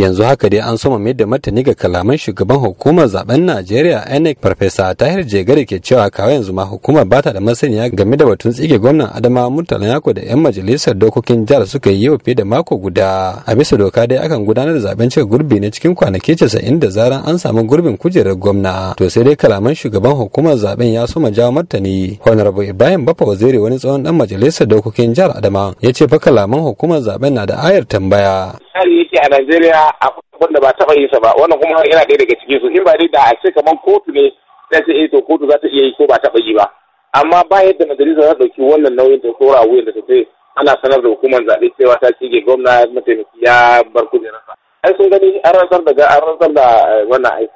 yanzu haka dai an soma mai da martani ga kalaman shugaban hukumar zaben najeriya inec farfesa tahir jegare ke cewa kawai yanzu ma hukumar bata da masaniya game da batun tsige gwamnan adama murtala yako da yan majalisar dokokin jihar suka yi yau fiye da mako guda a bisa doka dai akan gudanar da zaben cika gurbi ne cikin kwanaki casa'in da zaran an samu gurbin kujerar gwamna to sai dai kalaman shugaban hukumar zaben ya soma jawo martani honorable ibrahim bafa waziri wani tsawon ɗan majalisar dokokin jihar adama ya ce fa kalaman hukumar zaben na da ayar tambaya yake a najeriya a abin da ba taɓa yin sa ba wannan kuma yana ɗaya daga cikin su in ba dai da a ce kamar kotu ne ta ce eh to kotu za ta iya yi ko ba taɓa yi ba amma ba yadda majalisar za ta ɗauki wannan nauyin ta tsora a wuyan da ta ce ana sanar da hukumar zaɓe cewa ta cige gwamna mataimaki ya bar kujerarsa ai sun gani an rantsar da an rantsar da eh, wannan ai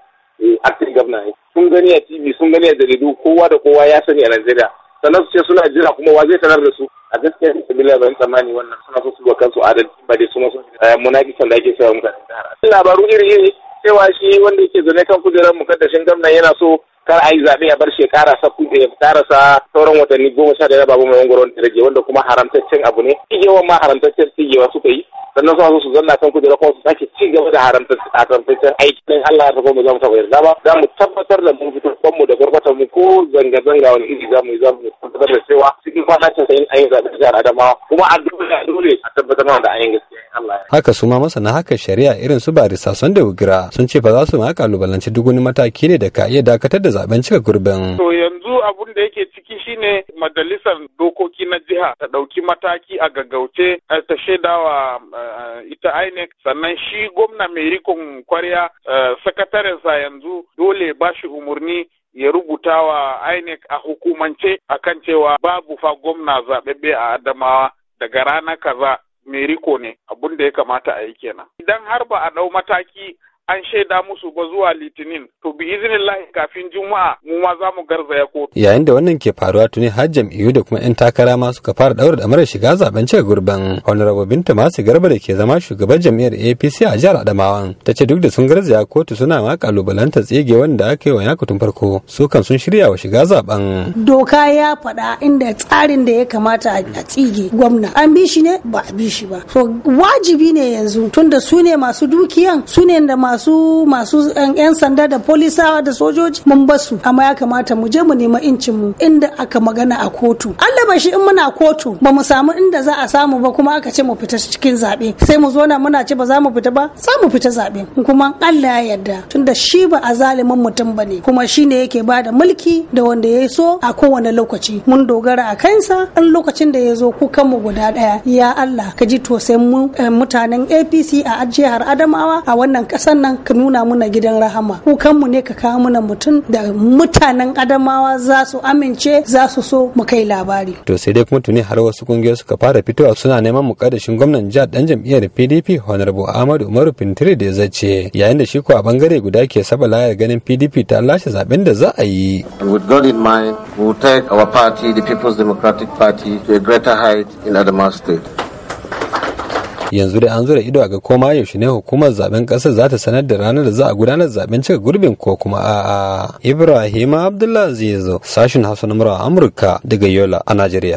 eh, acting gwamna ai sun gani a tv sun gani a jaridu kowa da kowa ya sani a najeriya sannan su ce suna jira kuma wa zai sanar da su a gaskiya da sabila ban tsammani wannan suna so su ga kansu adalci ba dai su ma sun munafisan da ake sawa mutane da har labaru iri iri cewa shi wanda yake zaune kan kujerar mukaddashin gwamna yana so kar a yi zaɓe a bar shi karasa kuɗe ya karasa sauran watanni goma sha da babu mai wangoron da rage wanda kuma haramtaccen abu ne tigewa ma haramtaccen tigewa suka yi sannan suna so su zanna kan kujera kuma su sake ci gaba da haramtaccen aiki ɗin Allah ta kuma za mu taɓa yarda ba za mu tabbatar da mun fito kwanmu da gwargwatar mu ko zanga-zanga wani iri za mu yi za mu tabbatar da cewa cikin kwana sayin an yi zaɓe jihar Adamawa kuma a dole a dole a tabbatar da an yi gaske. haka su ma masana haka shari'a irin su ba son da wugira sun ce ba za su ma kalubalanci duk wani mataki ne da ka iya dakatar da zaben cika gurbin to yanzu abun da yake ciki shine majalisar dokoki na jiha ta ɗauki mataki a gaggauce eh, ta shaidawa eh, ita INEC sannan shi gwamna mai rikon kwarya eh, sakatarensa yanzu dole ba shi umarni ya rubuta wa INEC a hukumance akan cewa babu fa gwamna zaɓeɓɓe a Adamawa daga rana kaza Meriko ne abun da ya kamata a yi kenan idan har ba a ɗau mataki an shaida musu ba zuwa litinin to bi lahi kafin juma'a mu ma za mu garzaya kotu yayin da wannan ke faruwa tuni har jam'iyyu da kuma 'yan takara ma suka fara daura da shiga zaben cika gurban honorable binta masu garba da ke zama shugaban jam'iyyar apc a jihar adamawan ta ce duk da sun garzaya kotu suna ma kalubalanta tsige wanda aka yi wa yakutun farko su kan sun shirya wa shiga zaben doka ya faɗa inda tsarin da ya kamata a tsige gwamna an bi shi ne ba a bi shi ba so wajibi ne yanzu tunda su ne masu dukiyan su ne da masu masu masu eh, yan sanda da polisawa da sojoji mun basu amma ya kamata mu je mu nema incin mu inda aka magana a kotu Allah bashi shi in muna kotu ba mu samu inda za a samu ba kuma aka ce mu fita cikin zabe sai mu zo na muna ce ba za mu fita ba za mu fita zabe kuma Allah ya yarda tunda shi ba a zalimin mutum bane kuma shine yake bada mulki da wanda ya so a kowane lokaci mun dogara a kansa in lokacin da ya zo kukan mu guda daya ya Allah ka ji to eh, mutanen APC a jihar Adamawa a wannan kasan nan ka nuna muna gidan rahama kukanmu ne ka kawo muna mutum da mutanen adamawa za su amince za su so mu kai labari to sai dai kuma tuni har wasu kungiyoyi suka fara fitowa suna neman mukaddashin gwamnan jihar dan jam'iyyar PDP Honorable Ahmadu Umaru pintiri da ya zace yayin da shi ko a bangare guda ke saba layar ganin PDP ta lashe zaben da za a yi with God in mind we will take our party the People's Democratic Party to a greater height in Adamawa state yanzu dai an zura ido ga koma yaushe ne hukumar zaben kasar za ta sanar da ranar da za a gudanar zaben cika gurbin ko kuma a'a ibrahim abdullah zai zo sashin hausa na amurka daga yola a najeriya